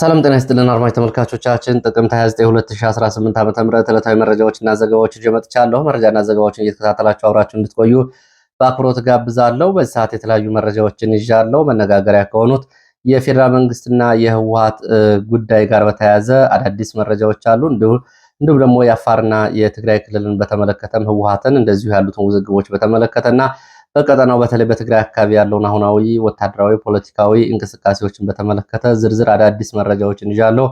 ሰላም ጤና ይስጥልን አድማጭ ተመልካቾቻችን፣ ጥቅምት 29 2018 ም ዕለታዊ መረጃዎችና ዘገባዎች ይዤ መጥቻለሁ። መረጃና ዘገባዎችን እየተከታተላችሁ አብራችሁ እንድትቆዩ በአክብሮት ጋብዛለሁ። በዚህ ሰዓት የተለያዩ መረጃዎችን ይዣለሁ። መነጋገሪያ ከሆኑት የፌዴራል መንግስትና የህወሀት ጉዳይ ጋር በተያያዘ አዳዲስ መረጃዎች አሉ። እንዲሁም ደግሞ የአፋርና የትግራይ ክልልን በተመለከተም ህወሀትን እንደዚሁ ያሉትን ውዝግቦች በተመለከተና በቀጠናው በተለይ በትግራይ አካባቢ ያለውን አሁናዊ ወታደራዊ፣ ፖለቲካዊ እንቅስቃሴዎችን በተመለከተ ዝርዝር አዳዲስ መረጃዎችን ይዣለሁ።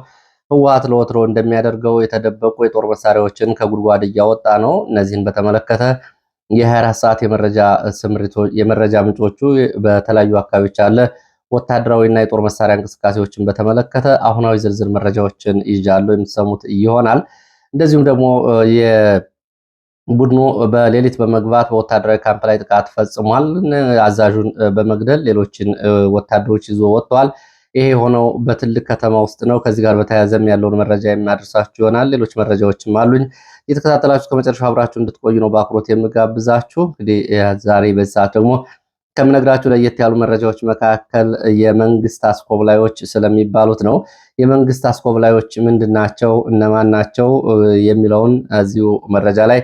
ህወሓት ለወትሮ እንደሚያደርገው የተደበቁ የጦር መሳሪያዎችን ከጉድጓድ እያወጣ ነው። እነዚህን በተመለከተ የ24 ሰዓት የመረጃ ምንጮቹ በተለያዩ አካባቢዎች አለ ወታደራዊና የጦር መሳሪያ እንቅስቃሴዎችን በተመለከተ አሁናዊ ዝርዝር መረጃዎችን ይዣለሁ። የምትሰሙት ይሆናል። እንደዚሁም ደግሞ ቡድኑ በሌሊት በመግባት በወታደራዊ ካምፕ ላይ ጥቃት ፈጽሟል። አዛዡን በመግደል ሌሎችን ወታደሮች ይዞ ወጥተዋል። ይሄ የሆነው በትልቅ ከተማ ውስጥ ነው። ከዚህ ጋር በተያያዘም ያለውን መረጃ የሚያደርሳችሁ ይሆናል። ሌሎች መረጃዎችም አሉኝ። የተከታተላችሁ ከመጨረሻው አብራችሁ እንድትቆዩ ነው በአክብሮት የምጋብዛችሁ። እንግዲህ ዛሬ በዚህ ሰዓት ደግሞ ከምነግራችሁ ለየት ያሉ መረጃዎች መካከል የመንግስት አስኮብላዮች ስለሚባሉት ነው። የመንግስት አስኮብላዮች ምንድን ናቸው? እነማን ናቸው? የሚለውን እዚሁ መረጃ ላይ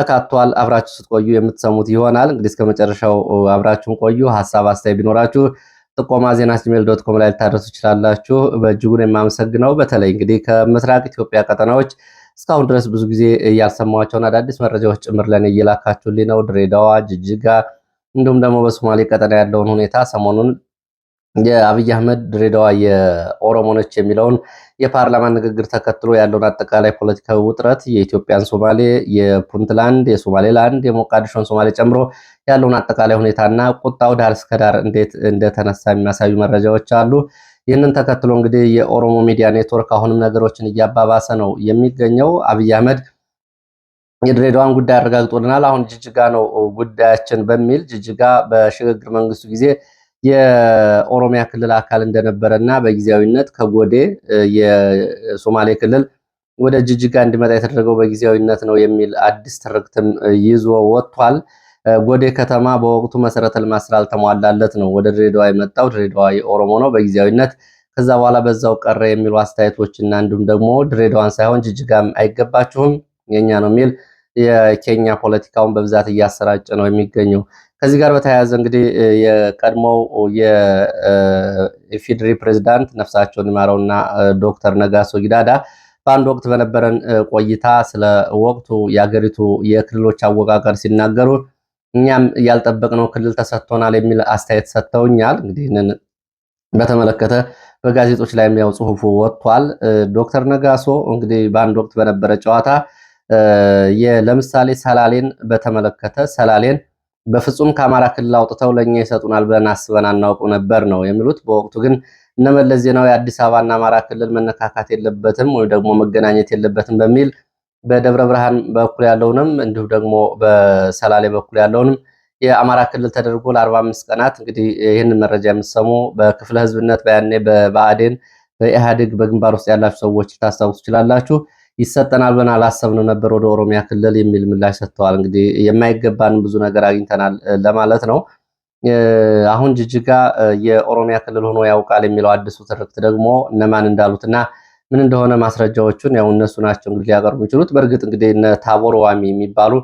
ተካቷል። አብራችሁ ስትቆዩ የምትሰሙት ይሆናል። እንግዲህ እስከ መጨረሻው አብራችሁን ቆዩ። ሀሳብ አስተያየት ቢኖራችሁ ጥቆማ ዜና ጂሜል ዶት ኮም ላይ ልታደርሱ ይችላላችሁ። በእጅጉን የማመሰግነው በተለይ እንግዲህ ከምስራቅ ኢትዮጵያ ቀጠናዎች እስካሁን ድረስ ብዙ ጊዜ እያልሰማቸውን አዳዲስ መረጃዎች ጭምር ለእኔ እየላካችሁልኝ ነው። ድሬዳዋ፣ ጅጅጋ እንዲሁም ደግሞ በሶማሌ ቀጠና ያለውን ሁኔታ ሰሞኑን የአብይ አህመድ ድሬዳዋ የኦሮሞ ነች የሚለውን የፓርላማ ንግግር ተከትሎ ያለውን አጠቃላይ ፖለቲካዊ ውጥረት የኢትዮጵያን ሶማሌ፣ የፑንትላንድ፣ የሶማሌላንድ፣ የሞቃዲሾን ሶማሌ ጨምሮ ያለውን አጠቃላይ ሁኔታና ቁጣው ዳር እስከ ዳር እንዴት እንደተነሳ የሚያሳዩ መረጃዎች አሉ። ይህንን ተከትሎ እንግዲህ የኦሮሞ ሚዲያ ኔትወርክ አሁንም ነገሮችን እያባባሰ ነው የሚገኘው። አብይ አህመድ የድሬዳዋን ጉዳይ አረጋግጦልናል፣ አሁን ጅጅጋ ነው ጉዳያችን በሚል ጅጅጋ በሽግግር መንግስቱ ጊዜ የኦሮሚያ ክልል አካል እንደነበረ እና በጊዜያዊነት ከጎዴ የሶማሌ ክልል ወደ ጅጅጋ እንዲመጣ የተደረገው በጊዜያዊነት ነው የሚል አዲስ ትርክትም ይዞ ወጥቷል። ጎዴ ከተማ በወቅቱ መሰረተ ልማት ስላልተሟላለት ነው ወደ ድሬዳዋ የመጣው። ድሬዳዋ የኦሮሞ ነው በጊዜያዊነት ከዛ በኋላ በዛው ቀረ የሚሉ አስተያየቶች እና እንዲሁም ደግሞ ድሬዳዋን ሳይሆን ጅጅጋም አይገባችሁም የኛ ነው የሚል የኬኛ ፖለቲካውን በብዛት እያሰራጨ ነው የሚገኘው። ከዚህ ጋር በተያያዘ እንግዲህ የቀድሞው የኢፌዴሪ ፕሬዝዳንት ነፍሳቸውን ይማረውና ዶክተር ነጋሶ ጊዳዳ በአንድ ወቅት በነበረን ቆይታ ስለ ወቅቱ የአገሪቱ የክልሎች አወቃቀር ሲናገሩ እኛም ያልጠበቅነው ክልል ተሰጥቶናል የሚል አስተያየት ሰጥተውኛል። እንግዲህ ይህንን በተመለከተ በጋዜጦች ላይ የሚያው ጽሁፉ ወጥቷል። ዶክተር ነጋሶ እንግዲህ በአንድ ወቅት በነበረ ጨዋታ ለምሳሌ ሰላሌን በተመለከተ ሰላሌን በፍጹም ከአማራ ክልል አውጥተው ለእኛ ይሰጡናል ብለን አስበን አናውቅ ነበር ነው የሚሉት። በወቅቱ ግን እነመለስ ዜናዊ አዲስ አበባና አማራ ክልል መነካካት የለበትም ወይም ደግሞ መገናኘት የለበትም በሚል በደብረ ብርሃን በኩል ያለውንም እንዲሁም ደግሞ በሰላሌ በኩል ያለውንም የአማራ ክልል ተደርጎ ለአርባ አምስት ቀናት እንግዲህ ይህንን መረጃ የምትሰሙ በክፍለ ህዝብነት በያኔ በብአዴን በኢህአዴግ በግንባር ውስጥ ያላችሁ ሰዎች ታስታውሱ ትችላላችሁ። ይሰጠናል ብለን አላሰብንም ነበር ወደ ኦሮሚያ ክልል የሚል ምላሽ ሰጥተዋል። እንግዲህ የማይገባንም ብዙ ነገር አግኝተናል ለማለት ነው። አሁን ጅጅጋ የኦሮሚያ ክልል ሆኖ ያውቃል የሚለው አዲሱ ትርክት ደግሞ እነማን እንዳሉትና ምን እንደሆነ ማስረጃዎቹን ያው እነሱ ናቸው እንግዲህ ሊያቀርቡ የሚችሉት። በእርግጥ እንግዲህ እነ ታቦር ዋሚ የሚባሉ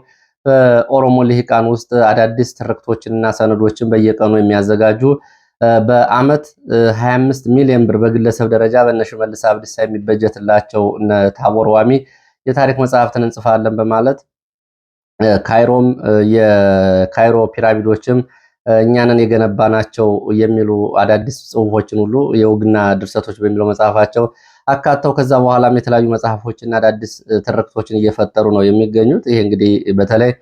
በኦሮሞ ልሂቃን ውስጥ አዳዲስ ትርክቶችንና ሰነዶችን በየቀኑ የሚያዘጋጁ በአመት 25 ሚሊዮን ብር በግለሰብ ደረጃ በእነ ሽመልስ አብዲሳ የሚበጀትላቸው ታቦር ዋሚ የታሪክ መጽሐፍትን እንጽፋለን በማለት ካይሮም የካይሮ ፒራሚዶችም እኛንን የገነባ ናቸው የሚሉ አዳዲስ ጽሁፎችን ሁሉ የውግና ድርሰቶች በሚለው መጽሐፋቸው አካተው ከዛ በኋላም የተለያዩ መጽሐፎችና አዳዲስ ትርክቶችን እየፈጠሩ ነው የሚገኙት። ይሄ እንግዲህ በተለይ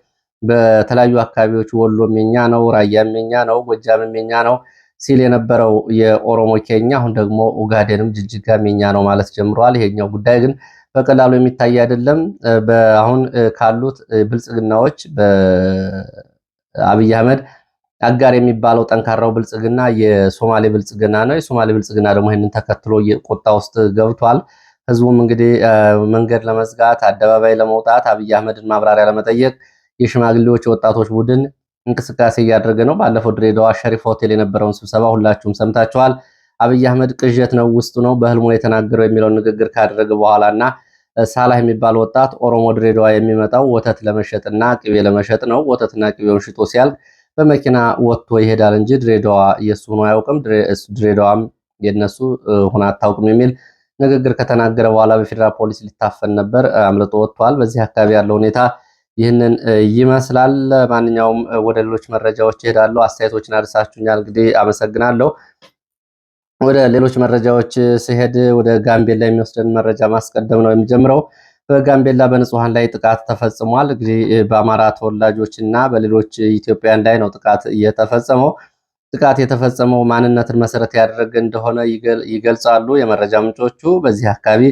በተለያዩ አካባቢዎች ወሎም የኛ ነው፣ ራያም የኛ ነው፣ ጎጃምም የኛ ነው ሲል የነበረው የኦሮሞ ኬኛ አሁን ደግሞ ኡጋዴንም ጅጅጋም የኛ ነው ማለት ጀምረዋል። ይሄኛው ጉዳይ ግን በቀላሉ የሚታይ አይደለም። አሁን ካሉት ብልጽግናዎች በአብይ አህመድ አጋር የሚባለው ጠንካራው ብልጽግና የሶማሌ ብልጽግና ነው። የሶማሌ ብልጽግና ደግሞ ይህንን ተከትሎ ቁጣ ውስጥ ገብቷል። ህዝቡም እንግዲህ መንገድ ለመዝጋት አደባባይ ለመውጣት አብይ አህመድን ማብራሪያ ለመጠየቅ የሽማግሌዎች የወጣቶች ቡድን እንቅስቃሴ እያደረገ ነው። ባለፈው ድሬዳዋ ሸሪፍ ሆቴል የነበረውን ስብሰባ ሁላችሁም ሰምታችኋል። አብይ አህመድ ቅዠት ነው ውስጡ ነው በህልሙ የተናገረው የሚለውን ንግግር ካደረገ በኋላ እና ሳላህ የሚባል ወጣት ኦሮሞ ድሬዳዋ የሚመጣው ወተት ለመሸጥና ቅቤ ለመሸጥ ነው። ወተትና ቅቤውን ሽጦ ሲያልቅ በመኪና ወጥቶ ይሄዳል እንጂ ድሬዳዋ የእሱ ሆኖ አያውቅም፣ ድሬዳዋም የነሱ ሆና አታውቅም የሚል ንግግር ከተናገረ በኋላ በፌዴራል ፖሊስ ሊታፈን ነበር፣ አምልጦ ወጥቷል። በዚህ አካባቢ ያለው ሁኔታ ይህንን ይመስላል። ማንኛውም ወደ ሌሎች መረጃዎች ይሄዳሉ። አስተያየቶችን አድርሳችሁኛል። እንግዲህ አመሰግናለሁ። ወደ ሌሎች መረጃዎች ሲሄድ ወደ ጋምቤላ የሚወስደን መረጃ ማስቀደም ነው የሚጀምረው። በጋምቤላ በንጹሐን ላይ ጥቃት ተፈጽሟል። እንግዲህ በአማራ ተወላጆች እና በሌሎች ኢትዮጵያውያን ላይ ነው ጥቃት እየተፈጸመው። ጥቃት የተፈጸመው ማንነትን መሰረት ያደረገ እንደሆነ ይገልጻሉ የመረጃ ምንጮቹ። በዚህ አካባቢ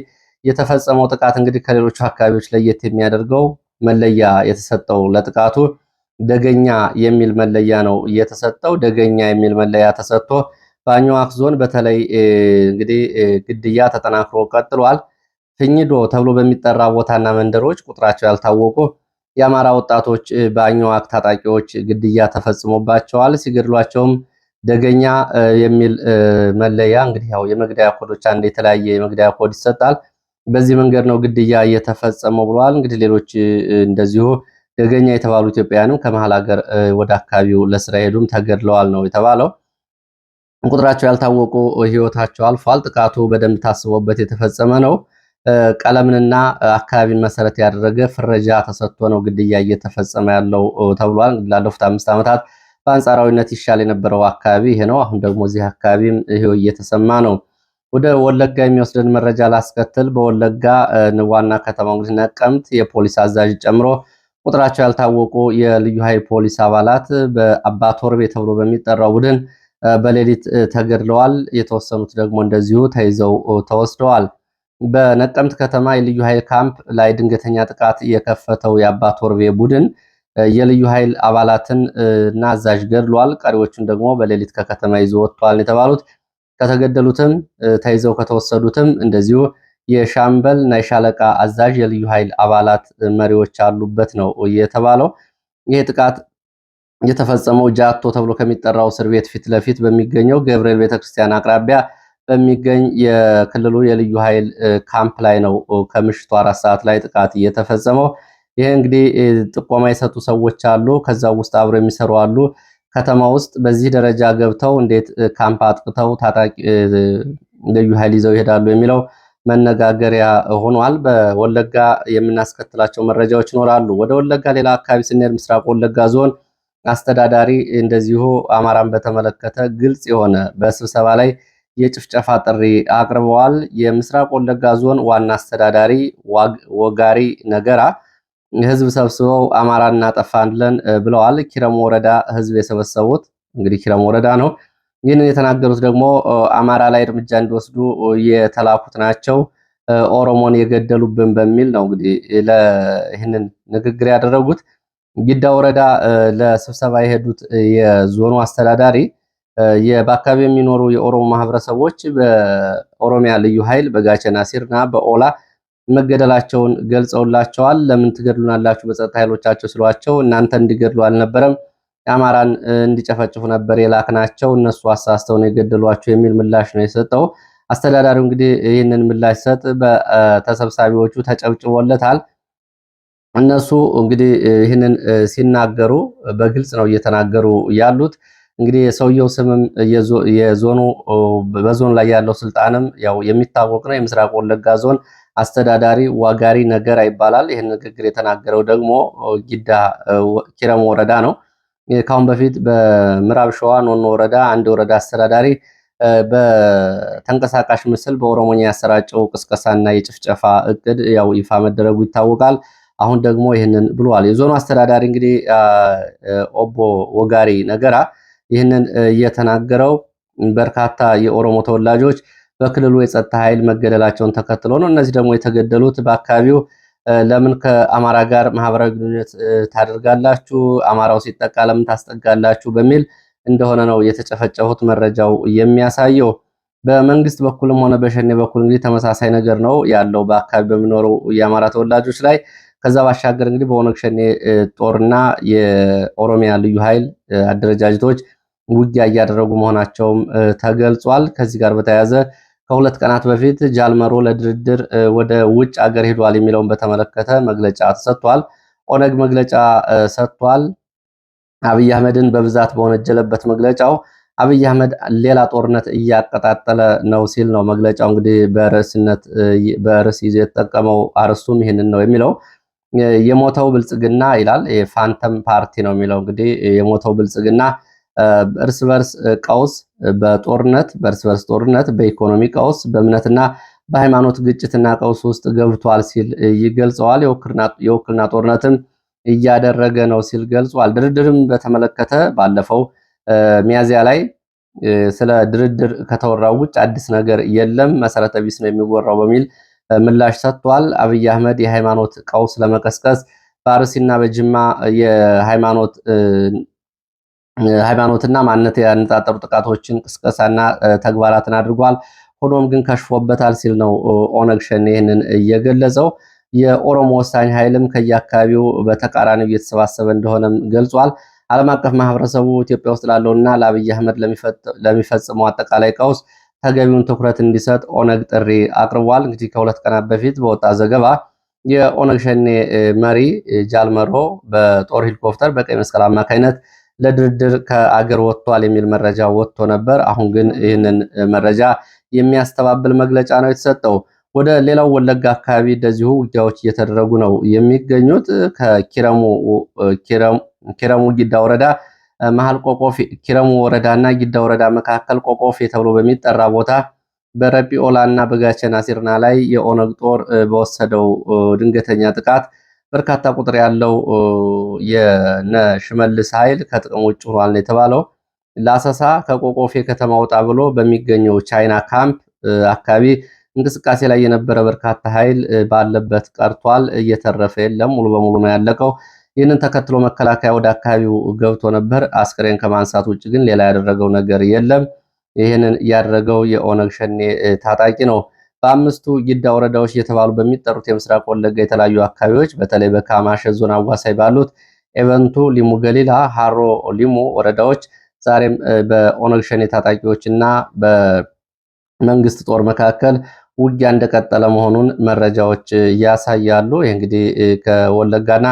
የተፈጸመው ጥቃት እንግዲህ ከሌሎቹ አካባቢዎች ለየት የሚያደርገው መለያ የተሰጠው ለጥቃቱ ደገኛ የሚል መለያ ነው የተሰጠው። ደገኛ የሚል መለያ ተሰጥቶ በአኝዋክ ዞን በተለይ እንግዲህ ግድያ ተጠናክሮ ቀጥሏል። ፍኝዶ ተብሎ በሚጠራ ቦታና መንደሮች ቁጥራቸው ያልታወቁ የአማራ ወጣቶች በአኝዋክ ታጣቂዎች ግድያ ተፈጽሞባቸዋል። ሲገድሏቸውም ደገኛ የሚል መለያ እንግዲህ ያው የመግደያ ኮዶች አንድ የተለያየ የመግደያ ኮድ ይሰጣል። በዚህ መንገድ ነው ግድያ እየተፈጸመው ብለዋል። እንግዲህ ሌሎች እንደዚሁ ደገኛ የተባሉ ኢትዮጵያውያንም ከመሀል ሀገር ወደ አካባቢው ለስራ ሄዱም ተገድለዋል ነው የተባለው። ቁጥራቸው ያልታወቁ ህይወታቸው አልፏል። ጥቃቱ በደንብ ታስቦበት የተፈጸመ ነው። ቀለምንና አካባቢን መሰረት ያደረገ ፍረጃ ተሰጥቶ ነው ግድያ እየተፈጸመ ያለው ተብሏል። ላለፉት አምስት ዓመታት በአንጻራዊነት ይሻል የነበረው አካባቢ ይሄ ነው። አሁን ደግሞ እዚህ አካባቢም ይሄው እየተሰማ ነው። ወደ ወለጋ የሚወስድን መረጃ ላስከትል። በወለጋ ዋና ከተማ እንግዲህ ነቀምት የፖሊስ አዛዥ ጨምሮ ቁጥራቸው ያልታወቁ የልዩ ኃይል ፖሊስ አባላት በአባ ቶርቤ ተብሎ በሚጠራው ቡድን በሌሊት ተገድለዋል። የተወሰኑት ደግሞ እንደዚሁ ተይዘው ተወስደዋል። በነቀምት ከተማ የልዩ ኃይል ካምፕ ላይ ድንገተኛ ጥቃት የከፈተው የአባ ቶርቤ ቡድን የልዩ ኃይል አባላትን እና አዛዥ ገድሏል። ቀሪዎቹን ደግሞ በሌሊት ከከተማ ይዞ ወጥቷል የተባሉት ከተገደሉትም ተይዘው ከተወሰዱትም እንደዚሁ የሻምበል እና የሻለቃ አዛዥ የልዩ ኃይል አባላት መሪዎች አሉበት ነው የተባለው። ይህ ጥቃት የተፈጸመው ጃቶ ተብሎ ከሚጠራው እስር ቤት ፊት ለፊት በሚገኘው ገብርኤል ቤተክርስቲያን አቅራቢያ በሚገኝ የክልሉ የልዩ ኃይል ካምፕ ላይ ነው። ከምሽቱ አራት ሰዓት ላይ ጥቃት እየተፈጸመው ይህ እንግዲህ ጥቆማ የሰጡ ሰዎች አሉ። ከዛ ውስጥ አብረው የሚሰሩ አሉ። ከተማ ውስጥ በዚህ ደረጃ ገብተው እንዴት ካምፕ አጥቅተው ታጣቂ ልዩ ኃይል ይዘው ይሄዳሉ የሚለው መነጋገሪያ ሆኗል። በወለጋ የምናስከትላቸው መረጃዎች ይኖራሉ። ወደ ወለጋ ሌላ አካባቢ ስንሄድ ምስራቅ ወለጋ ዞን አስተዳዳሪ እንደዚሁ አማራን በተመለከተ ግልጽ የሆነ በስብሰባ ላይ የጭፍጨፋ ጥሪ አቅርበዋል። የምስራቅ ወለጋ ዞን ዋና አስተዳዳሪ ወጋሪ ነገራ ህዝብ ሰብስበው አማራ እናጠፋለን ብለዋል። ኪረም ወረዳ ህዝብ የሰበሰቡት እንግዲህ ኪረም ወረዳ ነው። ይህንን የተናገሩት ደግሞ አማራ ላይ እርምጃ እንዲወስዱ የተላኩት ናቸው፣ ኦሮሞን የገደሉብን በሚል ነው እንግዲህ ይህንን ንግግር ያደረጉት። ጊዳ ወረዳ ለስብሰባ የሄዱት የዞኑ አስተዳዳሪ በአካባቢ የሚኖሩ የኦሮሞ ማህበረሰቦች በኦሮሚያ ልዩ ኃይል በጋቸና ሲርና በኦላ መገደላቸውን ገልጸውላቸዋል። ለምን ትገድሉናላችሁ በጸጥታ ኃይሎቻቸው ስሏቸው እናንተ እንዲገድሉ አልነበረም የአማራን እንዲጨፈጭፉ ነበር የላክናቸው እነሱ አሳስተው ነው የገደሏቸው የሚል ምላሽ ነው የሰጠው። አስተዳዳሪው እንግዲህ ይህንን ምላሽ ሰጥ በተሰብሳቢዎቹ ተጨብጭቦለታል። እነሱ እንግዲህ ይህንን ሲናገሩ በግልጽ ነው እየተናገሩ ያሉት። እንግዲህ የሰውየው ስምም የዞኑ በዞን ላይ ያለው ስልጣንም ያው የሚታወቅ ነው። የምስራቅ ወለጋ ዞን አስተዳዳሪ ዋጋሪ ነገራ ይባላል። ይህን ንግግር የተናገረው ደግሞ ጊዳ ኪረም ወረዳ ነው። ካሁን በፊት በምዕራብ ሸዋ ኖኖ ወረዳ አንድ ወረዳ አስተዳዳሪ በተንቀሳቃሽ ምስል በኦሮሞኛ ያሰራጨው ቅስቀሳና የጭፍጨፋ እቅድ ያው ይፋ መደረጉ ይታወቃል። አሁን ደግሞ ይህንን ብሏል። የዞኑ አስተዳዳሪ እንግዲህ ኦቦ ወጋሪ ነገራ ይህንን እየተናገረው በርካታ የኦሮሞ ተወላጆች በክልሉ የጸጥታ ኃይል መገደላቸውን ተከትሎ ነው። እነዚህ ደግሞ የተገደሉት በአካባቢው ለምን ከአማራ ጋር ማህበራዊ ግንኙነት ታደርጋላችሁ? አማራው ሲጠቃ ለምን ታስጠጋላችሁ? በሚል እንደሆነ ነው የተጨፈጨፉት መረጃው የሚያሳየው። በመንግስት በኩልም ሆነ በሸኔ በኩል እንግዲህ ተመሳሳይ ነገር ነው ያለው በአካባቢ በሚኖሩ የአማራ ተወላጆች ላይ። ከዛ ባሻገር እንግዲህ በኦነግ ሸኔ ጦርና የኦሮሚያ ልዩ ኃይል አደረጃጀቶች ውጊያ እያደረጉ መሆናቸውም ተገልጿል። ከዚህ ጋር በተያያዘ ከሁለት ቀናት በፊት ጃልመሮ ለድርድር ወደ ውጭ አገር ሄዷል የሚለውን በተመለከተ መግለጫ ተሰጥቷል። ኦነግ መግለጫ ሰጥቷል። አብይ አህመድን በብዛት በወነጀለበት መግለጫው አብይ አህመድ ሌላ ጦርነት እያቀጣጠለ ነው ሲል ነው መግለጫው። እንግዲህ በርዕስነት በርዕስ ይዞ የተጠቀመው አርዕስቱም ይህንን ነው የሚለው የሞተው ብልጽግና ይላል። የፋንተም ፓርቲ ነው የሚለው እንግዲህ የሞተው ብልጽግና እርስ በርስ ቀውስ፣ በጦርነት በእርስ በርስ ጦርነት፣ በኢኮኖሚ ቀውስ፣ በእምነትና በሃይማኖት ግጭትና ቀውስ ውስጥ ገብቷል ሲል ይገልጸዋል። የውክልና ጦርነትም እያደረገ ነው ሲል ገልጿል። ድርድርም በተመለከተ ባለፈው ሚያዚያ ላይ ስለ ድርድር ከተወራው ውጭ አዲስ ነገር የለም፣ መሰረተ ቢስ ነው የሚወራው በሚል ምላሽ ሰጥቷል። አብይ አህመድ የሃይማኖት ቀውስ ለመቀስቀስ በአርሲና በጅማ የሃይማኖት ሃይማኖትና ማንነት ያነጣጠሩ ጥቃቶችን ቅስቀሳና ተግባራትን አድርጓል። ሆኖም ግን ከሽፎበታል ሲል ነው ኦነግ ሸኔ ይህንን እየገለጸው። የኦሮሞ ወሳኝ ኃይልም ከየአካባቢው በተቃራኒው እየተሰባሰበ እንደሆነም ገልጿል። ዓለም አቀፍ ማህበረሰቡ ኢትዮጵያ ውስጥ ላለውና ለአብይ አህመድ ለሚፈጽመው አጠቃላይ ቀውስ ተገቢውን ትኩረት እንዲሰጥ ኦነግ ጥሪ አቅርቧል። እንግዲህ ከሁለት ቀናት በፊት በወጣ ዘገባ የኦነግ ሸኔ መሪ ጃልመሮ በጦር ሄሊኮፕተር በቀይ መስቀል አማካኝነት ለድርድር ከአገር ወጥቷል የሚል መረጃ ወጥቶ ነበር። አሁን ግን ይህንን መረጃ የሚያስተባብል መግለጫ ነው የተሰጠው። ወደ ሌላው ወለጋ አካባቢ እንደዚሁ ውጊያዎች እየተደረጉ ነው የሚገኙት። ከኪረሙ ጊዳ ወረዳ መሀል ቆቆፌ ኪረሙ ወረዳ እና ጊዳ ወረዳ መካከል ቆቆፌ ተብሎ በሚጠራ ቦታ በረጲኦላ እና በጋቸና ሲርና ላይ የኦነግ ጦር በወሰደው ድንገተኛ ጥቃት በርካታ ቁጥር ያለው የነ ሽመልስ ኃይል ከጥቅም ውጭ ሆኗል የተባለው ለአሰሳ ከቆቆፌ ከተማ ወጣ ብሎ በሚገኘው ቻይና ካምፕ አካባቢ እንቅስቃሴ ላይ የነበረ በርካታ ኃይል ባለበት ቀርቷል። እየተረፈ የለም፣ ሙሉ በሙሉ ነው ያለቀው። ይህንን ተከትሎ መከላከያ ወደ አካባቢው ገብቶ ነበር። አስክሬን ከማንሳት ውጭ ግን ሌላ ያደረገው ነገር የለም። ይህንን ያደረገው የኦነግ ሸኔ ታጣቂ ነው። በአምስቱ ጊዳ ወረዳዎች እየተባሉ በሚጠሩት የምስራቅ ወለጋ የተለያዩ አካባቢዎች በተለይ በካማሸ ዞን አዋሳይ ባሉት ኤቨንቱ፣ ሊሙ ገሊላ፣ ሃሮ ሊሙ ወረዳዎች ዛሬም በኦነግ ሸኔ ታጣቂዎች እና በመንግስት ጦር መካከል ውጊያ እንደቀጠለ መሆኑን መረጃዎች ያሳያሉ። ይህ እንግዲህ ከወለጋና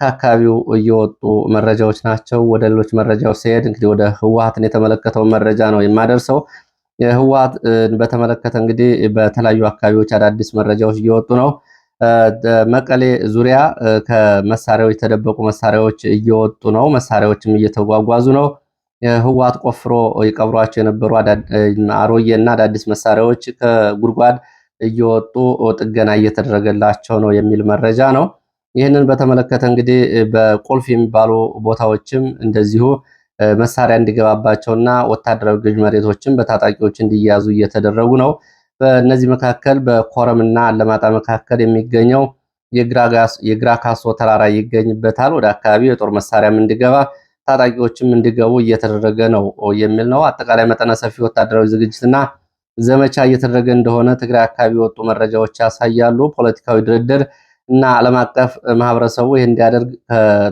ከአካባቢው እየወጡ መረጃዎች ናቸው። ወደ ሌሎች መረጃዎች ሲሄድ እንግዲህ ወደ ህወሀትን የተመለከተው መረጃ ነው የማደርሰው። የህዋት በተመለከተ እንግዲህ በተለያዩ አካባቢዎች አዳዲስ መረጃዎች እየወጡ ነው። መቀሌ ዙሪያ ከመሳሪያዎች የተደበቁ መሳሪያዎች እየወጡ ነው። መሳሪያዎችም እየተጓጓዙ ነው። ህወሓት ቆፍሮ የቀብሯቸው የነበሩ እና አዳዲስ መሳሪያዎች ከጉድጓድ እየወጡ ጥገና እየተደረገላቸው ነው የሚል መረጃ ነው። ይህንን በተመለከተ እንግዲህ በቁልፍ የሚባሉ ቦታዎችም እንደዚሁ መሳሪያ እንዲገባባቸውና ወታደራዊ ገዥ መሬቶችን በታጣቂዎች እንዲያዙ እየተደረጉ ነው። በእነዚህ መካከል በኮረምና አለማጣ መካከል የሚገኘው የግራ ካሶ ተራራ ይገኝበታል። ወደ አካባቢው የጦር መሳሪያም እንዲገባ ታጣቂዎችም እንዲገቡ እየተደረገ ነው የሚል ነው። አጠቃላይ መጠነ ሰፊ ወታደራዊ ዝግጅትና ዘመቻ እየተደረገ እንደሆነ ትግራይ አካባቢ የወጡ መረጃዎች ያሳያሉ። ፖለቲካዊ ድርድር እና ዓለም አቀፍ ማህበረሰቡ ይህ እንዲያደርግ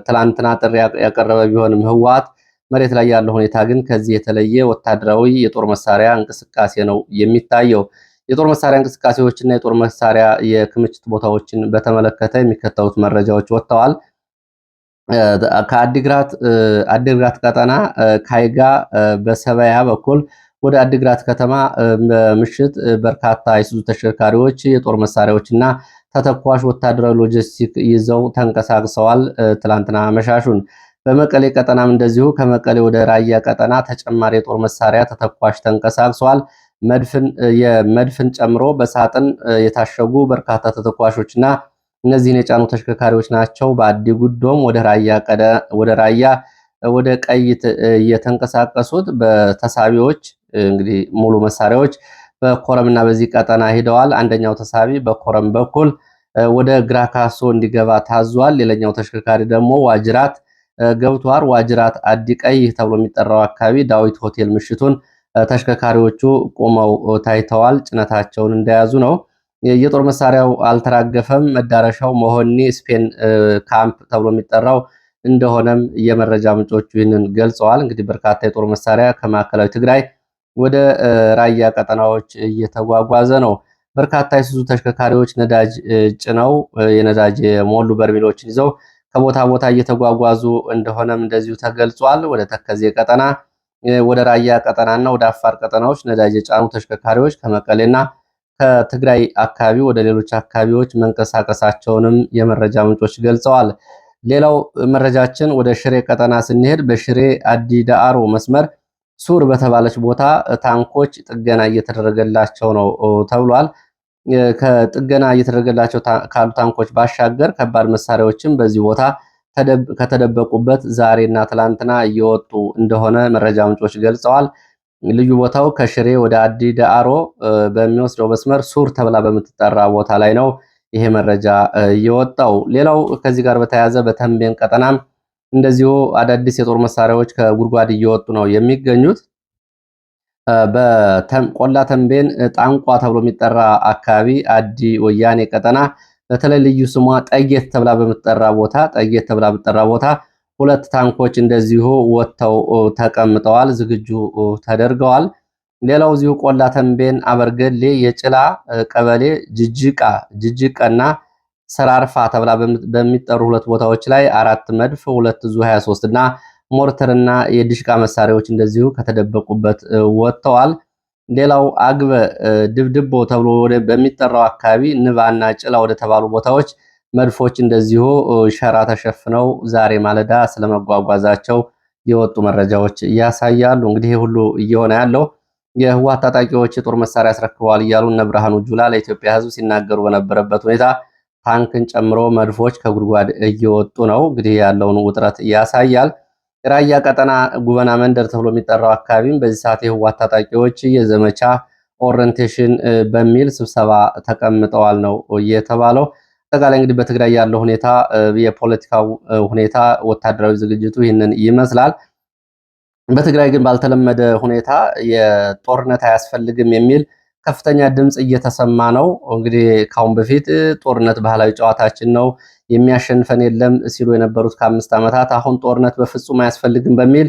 ትላንትና ጥሪ ያቀረበ ቢሆንም ህወሓት መሬት ላይ ያለው ሁኔታ ግን ከዚህ የተለየ ወታደራዊ የጦር መሳሪያ እንቅስቃሴ ነው የሚታየው። የጦር መሳሪያ እንቅስቃሴዎችና የጦር መሳሪያ የክምችት ቦታዎችን በተመለከተ የሚከተሉት መረጃዎች ወጥተዋል። ከአዲግራት ቀጠና ካይጋ በሰበያ በኩል ወደ አዲግራት ከተማ በምሽት በርካታ የሱዙ ተሽከርካሪዎች የጦር መሳሪያዎች እና ተተኳሽ ወታደራዊ ሎጂስቲክ ይዘው ተንቀሳቅሰዋል። ትላንትና መሻሹን በመቀሌ ቀጠናም እንደዚሁ ከመቀሌ ወደ ራያ ቀጠና ተጨማሪ የጦር መሳሪያ ተተኳሽ ተንቀሳቅሷል። መድፍን ጨምሮ በሳጥን የታሸጉ በርካታ ተተኳሾችና እነዚህን የጫኑ ተሽከርካሪዎች ናቸው። በአዲ ጉዶም ወደ ራያ ወደ ቀይ እየተንቀሳቀሱት በተሳቢዎች እንግዲህ ሙሉ መሳሪያዎች በኮረምና በዚህ ቀጠና ሂደዋል። አንደኛው ተሳቢ በኮረም በኩል ወደ ግራ ካሶ እንዲገባ ታዟል። ሌላኛው ተሽከርካሪ ደግሞ ዋጅራት ገብቷር ዋጅራት አዲ ቀይ ተብሎ የሚጠራው አካባቢ ዳዊት ሆቴል ምሽቱን ተሽከካሪዎቹ ቆመው ታይተዋል። ጭነታቸውን እንደያዙ ነው። የጦር መሳሪያው አልተራገፈም። መዳረሻው መሆኒ ስፔን ካምፕ ተብሎ የሚጠራው እንደሆነም የመረጃ ምንጮቹ ይህንን ገልጸዋል። እንግዲህ በርካታ የጦር መሳሪያ ከማዕከላዊ ትግራይ ወደ ራያ ቀጠናዎች እየተጓጓዘ ነው። በርካታ የሱዙ ተሽከካሪዎች ነዳጅ ጭነው የነዳጅ የሞሉ በርሜሎችን ይዘው ከቦታ ቦታ እየተጓጓዙ እንደሆነም እንደዚሁ ተገልጿል። ወደ ተከዜ ቀጠና፣ ወደ ራያ ቀጠናና ወደ አፋር ቀጠናዎች ነዳጅ የጫኑ ተሽከርካሪዎች ከመቀሌና ከትግራይ አካባቢ ወደ ሌሎች አካባቢዎች መንቀሳቀሳቸውንም የመረጃ ምንጮች ገልጸዋል። ሌላው መረጃችን ወደ ሽሬ ቀጠና ስንሄድ በሽሬ አዲ ዳአሮ መስመር ሱር በተባለች ቦታ ታንኮች ጥገና እየተደረገላቸው ነው ተብሏል። ከጥገና እየተደረገላቸው ካሉ ታንኮች ባሻገር ከባድ መሳሪያዎችም በዚህ ቦታ ከተደበቁበት ዛሬና ትላንትና እየወጡ እንደሆነ መረጃ ምንጮች ገልጸዋል። ልዩ ቦታው ከሽሬ ወደ አዲ ዳዕሮ በሚወስደው መስመር ሱር ተብላ በምትጠራ ቦታ ላይ ነው ይሄ መረጃ እየወጣው። ሌላው ከዚህ ጋር በተያያዘ በተንቤን ቀጠናም እንደዚሁ አዳዲስ የጦር መሳሪያዎች ከጉድጓድ እየወጡ ነው የሚገኙት። በቆላ ተንቤን ጣንቋ ተብሎ የሚጠራ አካባቢ አዲ ወያኔ ቀጠና በተለይ ልዩ ስሟ ጠየት ተብላ በምትጠራ ቦታ ጠየት ተብላ በምትጠራ ቦታ ሁለት ታንኮች እንደዚሁ ወጥተው ተቀምጠዋል፣ ዝግጁ ተደርገዋል። ሌላው እዚሁ ቆላ ተንቤን አበርገሌ የጭላ ቀበሌ ጅጅቃ ጅጅቀና ሰራርፋ ተብላ በሚጠሩ ሁለት ቦታዎች ላይ አራት መድፍ ሁለት ዙ 23 እና ሞርተርና የድሽቃ መሳሪያዎች እንደዚሁ ከተደበቁበት ወጥተዋል። ሌላው አግበ ድብድቦ ተብሎ በሚጠራው አካባቢ ንባና ጭላ ወደ ተባሉ ቦታዎች መድፎች እንደዚሁ ሸራ ተሸፍነው ዛሬ ማለዳ ስለመጓጓዛቸው የወጡ መረጃዎች ያሳያሉ። እንግዲህ ይህ ሁሉ እየሆነ ያለው የህወሓት ታጣቂዎች የጦር መሳሪያ አስረክበዋል እያሉ እነ ብርሃኑ ጁላ ለኢትዮጵያ ሕዝብ ሲናገሩ በነበረበት ሁኔታ ታንክን ጨምሮ መድፎች ከጉድጓድ እየወጡ ነው። እንግዲህ ያለውን ውጥረት ያሳያል። የራያ ቀጠና ጉበና መንደር ተብሎ የሚጠራው አካባቢም በዚህ ሰዓት የህወሓት ታጣቂዎች የዘመቻ ኦሪንቴሽን በሚል ስብሰባ ተቀምጠዋል ነው የተባለው። አጠቃላይ እንግዲህ በትግራይ ያለው ሁኔታ፣ የፖለቲካው ሁኔታ፣ ወታደራዊ ዝግጅቱ ይህንን ይመስላል። በትግራይ ግን ባልተለመደ ሁኔታ የጦርነት አያስፈልግም የሚል ከፍተኛ ድምፅ እየተሰማ ነው። እንግዲህ ካሁን በፊት ጦርነት ባህላዊ ጨዋታችን ነው፣ የሚያሸንፈን የለም ሲሉ የነበሩት ከአምስት ዓመታት አሁን ጦርነት በፍጹም አያስፈልግም በሚል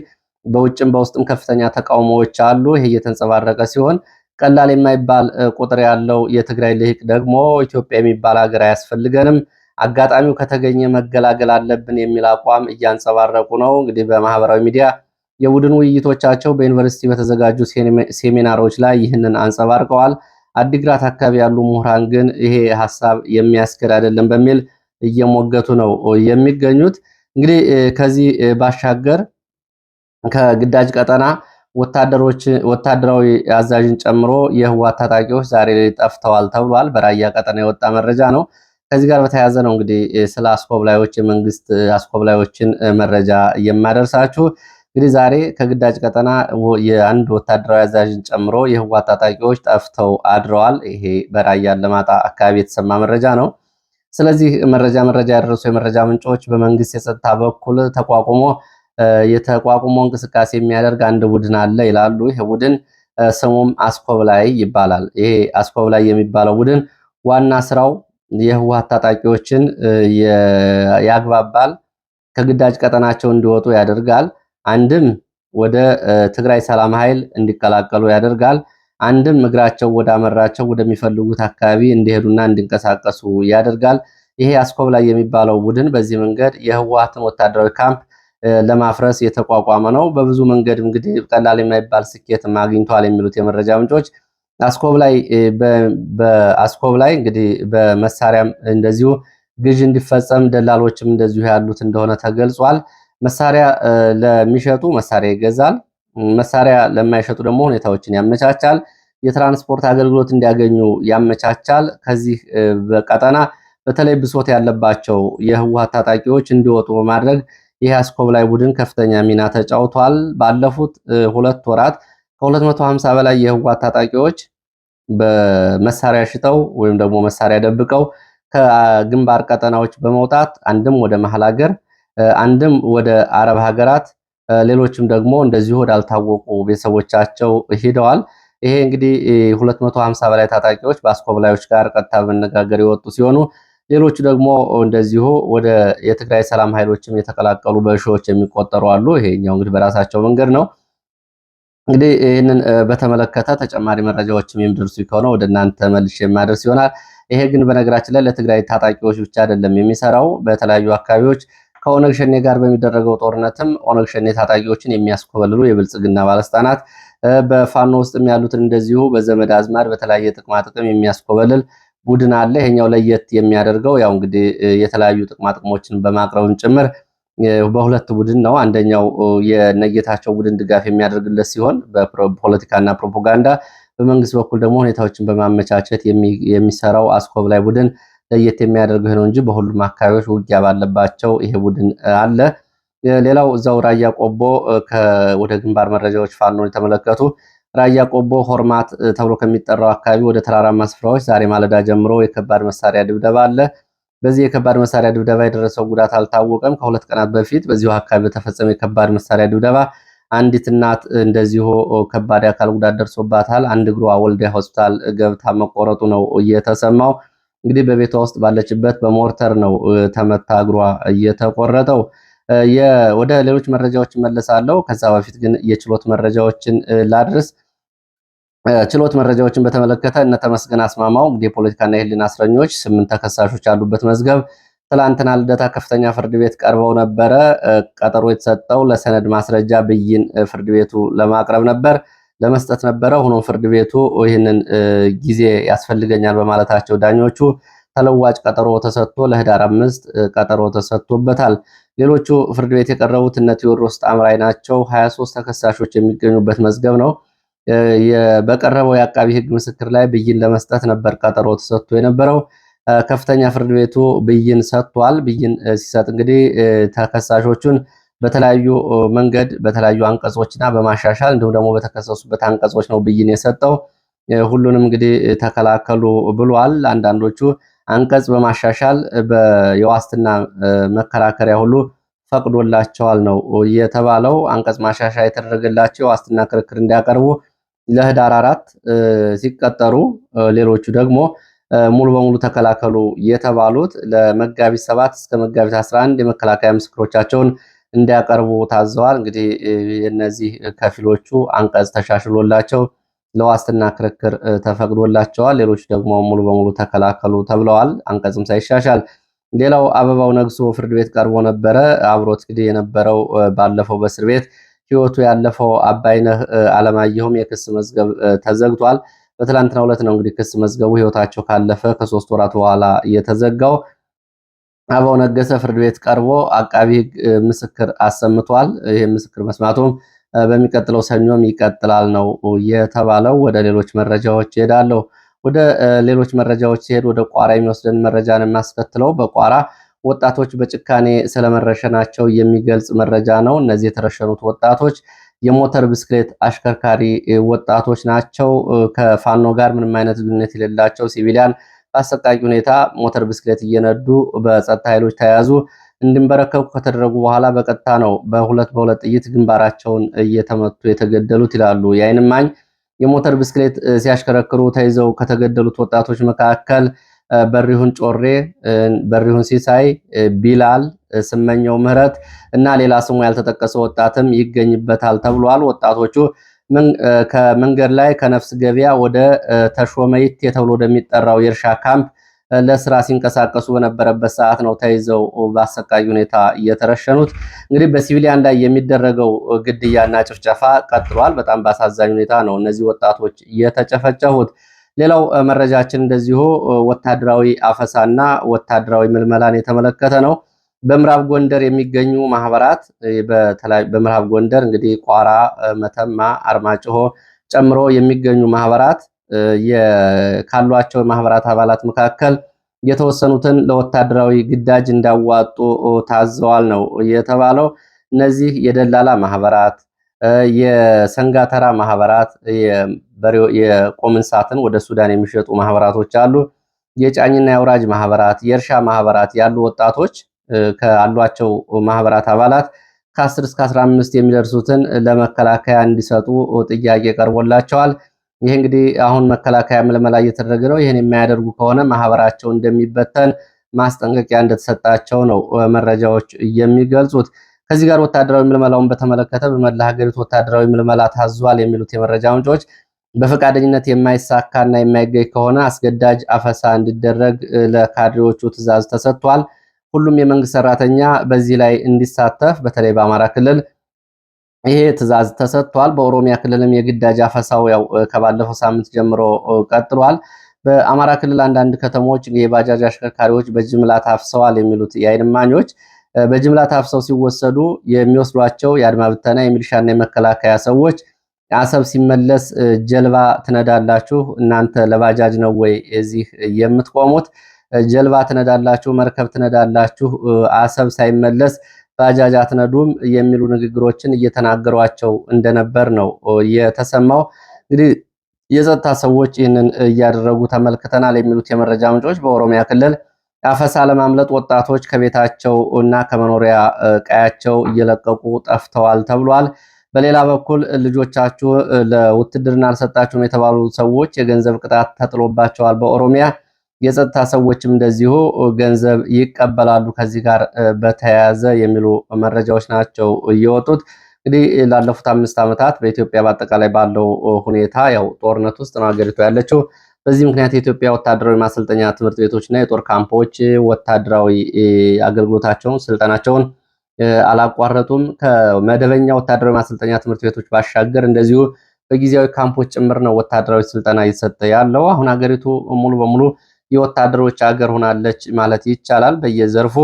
በውጭም በውስጥም ከፍተኛ ተቃውሞዎች አሉ። ይሄ እየተንጸባረቀ ሲሆን ቀላል የማይባል ቁጥር ያለው የትግራይ ልሂቅ ደግሞ ኢትዮጵያ የሚባል ሀገር አያስፈልገንም፣ አጋጣሚው ከተገኘ መገላገል አለብን የሚል አቋም እያንጸባረቁ ነው። እንግዲህ በማህበራዊ ሚዲያ የቡድን ውይይቶቻቸው በዩኒቨርሲቲ በተዘጋጁ ሴሚናሮች ላይ ይህንን አንጸባርቀዋል። አዲግራት አካባቢ ያሉ ምሁራን ግን ይሄ ሀሳብ የሚያስገድ አይደለም በሚል እየሞገቱ ነው የሚገኙት። እንግዲህ ከዚህ ባሻገር ከግዳጅ ቀጠና ወታደሮች ወታደራዊ አዛዥን ጨምሮ የህወሓት ታጣቂዎች ዛሬ ላይ ጠፍተዋል ተብሏል። በራያ ቀጠና የወጣ መረጃ ነው። ከዚህ ጋር በተያያዘ ነው እንግዲህ ስለ አስኮብላዮች የመንግስት አስኮብላዮችን መረጃ የማደርሳችሁ። እንግዲህ ዛሬ ከግዳጅ ቀጠና የአንድ ወታደራዊ አዛዥን ጨምሮ የህወሓት ታጣቂዎች ጠፍተው አድረዋል። ይሄ በራያ አላማጣ አካባቢ የተሰማ መረጃ ነው። ስለዚህ መረጃ መረጃ ያደረሱ የመረጃ ምንጮች በመንግስት የጸጥታ በኩል ተቋቁሞ የተቋቁሞ እንቅስቃሴ የሚያደርግ አንድ ቡድን አለ ይላሉ። ይህ ቡድን ስሙም አስኮብላይ ይባላል። ይሄ አስኮብላይ የሚባለው ቡድን ዋና ስራው የህወሓት ታጣቂዎችን ያግባባል፣ ከግዳጅ ቀጠናቸው እንዲወጡ ያደርጋል አንድም ወደ ትግራይ ሰላም ኃይል እንዲቀላቀሉ ያደርጋል፣ አንድም እግራቸው ወደ አመራቸው ወደሚፈልጉት አካባቢ እንዲሄዱና እንዲንቀሳቀሱ ያደርጋል። ይሄ አስኮብ ላይ የሚባለው ቡድን በዚህ መንገድ የህወሓትን ወታደራዊ ካምፕ ለማፍረስ የተቋቋመ ነው። በብዙ መንገድ እንግዲህ ቀላል የማይባል ስኬት አግኝቷል የሚሉት የመረጃ ምንጮች አስኮብ ላይ በአስኮብ ላይ እንግዲህ በመሳሪያም እንደዚሁ ግዥ እንዲፈጸም ደላሎችም እንደዚሁ ያሉት እንደሆነ ተገልጿል። መሳሪያ ለሚሸጡ መሳሪያ ይገዛል። መሳሪያ ለማይሸጡ ደግሞ ሁኔታዎችን ያመቻቻል። የትራንስፖርት አገልግሎት እንዲያገኙ ያመቻቻል። ከዚህ በቀጠና በተለይ ብሶት ያለባቸው የህወሓት ታጣቂዎች እንዲወጡ በማድረግ ይህ ላይ ቡድን ከፍተኛ ሚና ተጫውቷል። ባለፉት ሁለት ወራት ከ250 በላይ የህወሓት ታጣቂዎች በመሳሪያ ሽጠው ወይም ደግሞ መሳሪያ ደብቀው ከግንባር ቀጠናዎች በመውጣት አንድም ወደ መሀል ሀገር አንድም ወደ አረብ ሀገራት ሌሎችም ደግሞ እንደዚሁ ወዳልታወቁ ቤተሰቦቻቸው ሂደዋል። ይሄ እንግዲህ 250 በላይ ታጣቂዎች በአስኮብላዮች ጋር ቀጥታ በመነጋገር የወጡ ሲሆኑ ሌሎቹ ደግሞ እንደዚሁ ወደ የትግራይ ሰላም ኃይሎችም የተቀላቀሉ በሺዎች የሚቆጠሩ አሉ። ይሄኛው እንግዲህ በራሳቸው መንገድ ነው። እንግዲህ ይህንን በተመለከተ ተጨማሪ መረጃዎችም የሚደርሱ ከሆነ ወደ እናንተ መልሼ የማደርስ ይሆናል። ይሄ ግን በነገራችን ላይ ለትግራይ ታጣቂዎች ብቻ አይደለም የሚሰራው በተለያዩ አካባቢዎች ከኦነግ ሸኔ ጋር በሚደረገው ጦርነትም ኦነግ ሸኔ ታጣቂዎችን የሚያስኮበልሉ የብልጽግና ባለስልጣናት በፋኖ ውስጥም ያሉትን እንደዚሁ በዘመድ አዝማድ በተለያየ ጥቅማ ጥቅም የሚያስኮበልል ቡድን አለ። ይሄኛው ለየት የሚያደርገው ያው እንግዲህ የተለያዩ ጥቅማ ጥቅሞችን በማቅረብም ጭምር በሁለት ቡድን ነው። አንደኛው የነጌታቸው ቡድን ድጋፍ የሚያደርግለት ሲሆን በፖለቲካና ፕሮፓጋንዳ፣ በመንግስት በኩል ደግሞ ሁኔታዎችን በማመቻቸት የሚሰራው አስኮብላይ ቡድን ለየት የሚያደርግህ ነው እንጂ በሁሉም አካባቢዎች ውጊያ ባለባቸው ይሄ ቡድን አለ። ሌላው እዛው ራያ ቆቦ ወደ ግንባር መረጃዎች ፋኖን የተመለከቱ ራያ ቆቦ ሆርማት ተብሎ ከሚጠራው አካባቢ ወደ ተራራማ ስፍራዎች ዛሬ ማለዳ ጀምሮ የከባድ መሳሪያ ድብደባ አለ። በዚህ የከባድ መሳሪያ ድብደባ የደረሰው ጉዳት አልታወቀም። ከሁለት ቀናት በፊት በዚሁ አካባቢ በተፈጸመ የከባድ መሳሪያ ድብደባ አንዲት እናት እንደዚሁ ከባድ አካል ጉዳት ደርሶባታል። አንድ እግሯ ወልዲያ ሆስፒታል ገብታ መቆረጡ ነው እየተሰማው። እንግዲህ በቤቷ ውስጥ ባለችበት በሞርተር ነው ተመታ እግሯ እየተቆረጠው። ወደ ሌሎች መረጃዎች መለሳለሁ። ከዛ በፊት ግን የችሎት መረጃዎችን ላድርስ። ችሎት መረጃዎችን በተመለከተ እነ ተመስገን አስማማው እንግዲህ የፖለቲካና የህሊና እስረኞች ስምንት ተከሳሾች ያሉበት መዝገብ ትላንትና ልደታ ከፍተኛ ፍርድ ቤት ቀርበው ነበረ። ቀጠሮ የተሰጠው ለሰነድ ማስረጃ ብይን ፍርድ ቤቱ ለማቅረብ ነበር። ለመስጠት ነበረ። ሆኖም ፍርድ ቤቱ ይህንን ጊዜ ያስፈልገኛል በማለታቸው ዳኞቹ ተለዋጭ ቀጠሮ ተሰጥቶ ለህዳር አምስት ቀጠሮ ተሰጥቶበታል። ሌሎቹ ፍርድ ቤት የቀረቡት እነ ቴዎድሮስ ጣምራይ ናቸው። 23 ተከሳሾች የሚገኙበት መዝገብ ነው። በቀረበው የአቃቢ ህግ ምስክር ላይ ብይን ለመስጠት ነበር ቀጠሮ ተሰጥቶ የነበረው። ከፍተኛ ፍርድ ቤቱ ብይን ሰጥቷል። ብይን ሲሰጥ እንግዲህ ተከሳሾቹን በተለያዩ መንገድ በተለያዩ አንቀጾችና በማሻሻል እንዲሁም ደግሞ በተከሰሱበት አንቀጾች ነው ብይን የሰጠው። ሁሉንም እንግዲህ ተከላከሉ ብሏል። አንዳንዶቹ አንቀጽ በማሻሻል የዋስትና መከራከሪያ ሁሉ ፈቅዶላቸዋል ነው የተባለው። አንቀጽ ማሻሻያ የተደረገላቸው የዋስትና ክርክር እንዲያቀርቡ ለህዳር አራት ሲቀጠሩ፣ ሌሎቹ ደግሞ ሙሉ በሙሉ ተከላከሉ የተባሉት ለመጋቢት ሰባት እስከ መጋቢት 11 የመከላከያ ምስክሮቻቸውን እንዲያቀርቡ ታዘዋል። እንግዲህ እነዚህ ከፊሎቹ አንቀጽ ተሻሽሎላቸው ለዋስትና ክርክር ተፈቅዶላቸዋል። ሌሎች ደግሞ ሙሉ በሙሉ ተከላከሉ ተብለዋል። አንቀጽም ሳይሻሻል ሌላው አበባው ነግሶ ፍርድ ቤት ቀርቦ ነበረ። አብሮት እንግዲህ የነበረው ባለፈው በእስር ቤት ህይወቱ ያለፈው አባይነህ አለማየሁም የክስ መዝገብ ተዘግቷል። በትላንትና ዕለት ነው እንግዲህ ክስ መዝገቡ ህይወታቸው ካለፈ ከሶስት ወራት በኋላ እየተዘጋው አበው ነገሰ ፍርድ ቤት ቀርቦ አቃቢ ህግ ምስክር አሰምቷል። ይህ ምስክር መስማቱም በሚቀጥለው ሰኞም ይቀጥላል ነው የተባለው። ወደ ሌሎች መረጃዎች ይሄዳለሁ። ወደ ሌሎች መረጃዎች ሲሄድ ወደ ቋራ የሚወስደን መረጃን የማስከትለው በቋራ ወጣቶች በጭካኔ ስለመረሸናቸው የሚገልጽ መረጃ ነው። እነዚህ የተረሸኑት ወጣቶች የሞተር ብስክሌት አሽከርካሪ ወጣቶች ናቸው። ከፋኖ ጋር ምንም አይነት ግንኙነት የሌላቸው ሲቪሊያን በአሰቃቂ ሁኔታ ሞተር ብስክሌት እየነዱ በጸጥታ ኃይሎች ተያዙ። እንዲንበረከኩ ከተደረጉ በኋላ በቀጥታ ነው በሁለት በሁለት ጥይት ግንባራቸውን እየተመቱ የተገደሉት ይላሉ የዓይን እማኝ። የሞተር ብስክሌት ሲያሽከረክሩ ተይዘው ከተገደሉት ወጣቶች መካከል በሪሁን ጮሬ፣ በሪሁን ሲሳይ፣ ቢላል ስመኘው ምህረት እና ሌላ ስሙ ያልተጠቀሰ ወጣትም ይገኝበታል ተብሏል። ወጣቶቹ ከመንገድ ላይ ከነፍስ ገበያ ወደ ተሾመይቴ ተብሎ ወደሚጠራው የእርሻ ካምፕ ለስራ ሲንቀሳቀሱ በነበረበት ሰዓት ነው ተይዘው በአሰቃቂ ሁኔታ እየተረሸኑት። እንግዲህ በሲቪሊያን ላይ የሚደረገው ግድያና ጭፍጨፋ ቀጥሏል። በጣም በአሳዛኝ ሁኔታ ነው እነዚህ ወጣቶች እየተጨፈጨፉት። ሌላው መረጃችን እንደዚሁ ወታደራዊ አፈሳና ወታደራዊ ምልመላን የተመለከተ ነው። በምዕራብ ጎንደር የሚገኙ ማህበራት በምዕራብ ጎንደር እንግዲህ ቋራ፣ መተማ፣ አርማጭሆ ጨምሮ የሚገኙ ማህበራት ካሏቸው ማህበራት አባላት መካከል የተወሰኑትን ለወታደራዊ ግዳጅ እንዳዋጡ ታዘዋል ነው የተባለው። እነዚህ የደላላ ማህበራት፣ የሰንጋተራ ማህበራት፣ የቁም እንስሳትን ወደ ሱዳን የሚሸጡ ማህበራቶች አሉ። የጫኝና የአውራጅ ማህበራት፣ የእርሻ ማህበራት ያሉ ወጣቶች ካሏቸው ማህበራት አባላት ከ10 እስከ 15 የሚደርሱትን ለመከላከያ እንዲሰጡ ጥያቄ ቀርቦላቸዋል። ይህ እንግዲህ አሁን መከላከያ ምልመላ እየተደረገ ነው። ይህን የማያደርጉ ከሆነ ማህበራቸው እንደሚበተን ማስጠንቀቂያ እንደተሰጣቸው ነው መረጃዎች የሚገልጹት። ከዚህ ጋር ወታደራዊ ምልመላውን በተመለከተ በመላ ሀገሪቱ ወታደራዊ ምልመላ ታዟል የሚሉት የመረጃ ምንጮች በፈቃደኝነት የማይሳካና የማይገኝ ከሆነ አስገዳጅ አፈሳ እንዲደረግ ለካድሬዎቹ ትዕዛዝ ተሰጥቷል። ሁሉም የመንግስት ሰራተኛ በዚህ ላይ እንዲሳተፍ በተለይ በአማራ ክልል ይሄ ትዕዛዝ ተሰጥቷል። በኦሮሚያ ክልልም የግዳጅ አፈሳው ያው ከባለፈው ሳምንት ጀምሮ ቀጥሏል። በአማራ ክልል አንዳንድ ከተሞች የባጃጅ አሽከርካሪዎች በጅምላ ታፍሰዋል የሚሉት የዓይን እማኞች በጅምላ ታፍሰው ሲወሰዱ የሚወስዷቸው የአድማ ብተና የሚሊሻና የመከላከያ ሰዎች አሰብ ሲመለስ ጀልባ ትነዳላችሁ እናንተ ለባጃጅ ነው ወይ እዚህ የምትቆሙት? ጀልባ ትነዳላችሁ፣ መርከብ ትነዳላችሁ፣ አሰብ ሳይመለስ ባጃጅ አትነዱም የሚሉ ንግግሮችን እየተናገሯቸው እንደነበር ነው የተሰማው። እንግዲህ የጸጥታ ሰዎች ይህንን እያደረጉ ተመልክተናል የሚሉት የመረጃ ምንጮች በኦሮሚያ ክልል አፈሳ ለማምለጥ ወጣቶች ከቤታቸው እና ከመኖሪያ ቀያቸው እየለቀቁ ጠፍተዋል ተብሏል። በሌላ በኩል ልጆቻችሁ ለውትድርና አልሰጣችሁም የተባሉ ሰዎች የገንዘብ ቅጣት ተጥሎባቸዋል በኦሮሚያ የጸጥታ ሰዎችም እንደዚሁ ገንዘብ ይቀበላሉ ከዚህ ጋር በተያያዘ የሚሉ መረጃዎች ናቸው እየወጡት። እንግዲህ ላለፉት አምስት ዓመታት በኢትዮጵያ በአጠቃላይ ባለው ሁኔታ ያው ጦርነት ውስጥ ነው ሀገሪቱ ያለችው። በዚህ ምክንያት የኢትዮጵያ ወታደራዊ ማሰልጠኛ ትምህርት ቤቶችና የጦር ካምፖች ወታደራዊ አገልግሎታቸውን ስልጠናቸውን አላቋረጡም። ከመደበኛ ወታደራዊ ማሰልጠኛ ትምህርት ቤቶች ባሻገር እንደዚሁ በጊዜያዊ ካምፖች ጭምር ነው ወታደራዊ ስልጠና እየተሰጠ ያለው። አሁን ሀገሪቱ ሙሉ በሙሉ የወታደሮች አገር ሆናለች ማለት ይቻላል። በየዘርፉ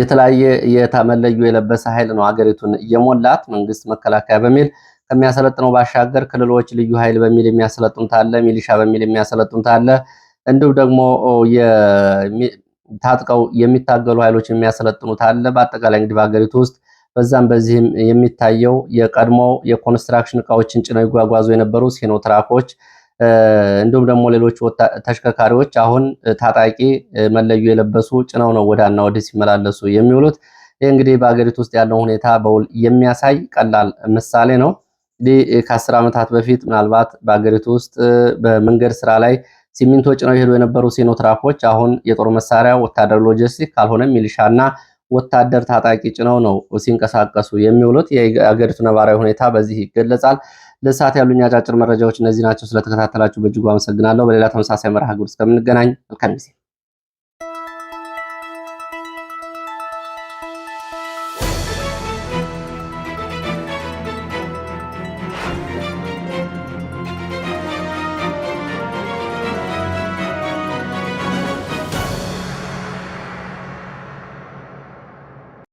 የተለያየ የታመለዩ የለበሰ ኃይል ነው አገሪቱን እየሞላት መንግስት መከላከያ በሚል ከሚያሰለጥነው ባሻገር ክልሎች ልዩ ኃይል በሚል የሚያሰለጥኑት አለ፣ ሚሊሻ በሚል የሚያሰለጥኑት አለ። እንዲሁም ደግሞ ታጥቀው የሚታገሉ ኃይሎች የሚያሰለጥኑት አለ። በአጠቃላይ እንግዲህ በሀገሪቱ ውስጥ በዛም በዚህም የሚታየው የቀድሞ የኮንስትራክሽን እቃዎችን ጭነው ይጓጓዙ የነበሩ ሲኖትራኮች እንዲሁም ደግሞ ሌሎች ተሽከርካሪዎች አሁን ታጣቂ መለዩ የለበሱ ጭነው ነው ወዳና ወደ ሲመላለሱ የሚውሉት። ይህ እንግዲህ በሀገሪቱ ውስጥ ያለው ሁኔታ በውል የሚያሳይ ቀላል ምሳሌ ነው። እንግዲህ ከአስር ዓመታት በፊት ምናልባት በሀገሪቱ ውስጥ በመንገድ ስራ ላይ ሲሚንቶ ጭነው የሄዱ የነበሩ ሲኖትራፎች አሁን የጦር መሳሪያ፣ ወታደር ሎጂስቲክ፣ ካልሆነም ሚሊሻና ወታደር ታጣቂ ጭነው ነው ሲንቀሳቀሱ የሚውሉት። የሀገሪቱ ነባራዊ ሁኔታ በዚህ ይገለጻል። ለሰዓት ያሉኝ አጫጭር መረጃዎች እነዚህ ናቸው። ስለተከታተላችሁ በእጅጉ አመሰግናለሁ። በሌላ ተመሳሳይ መርሃ ግብር እስከምንገናኝ መልካም ጊዜ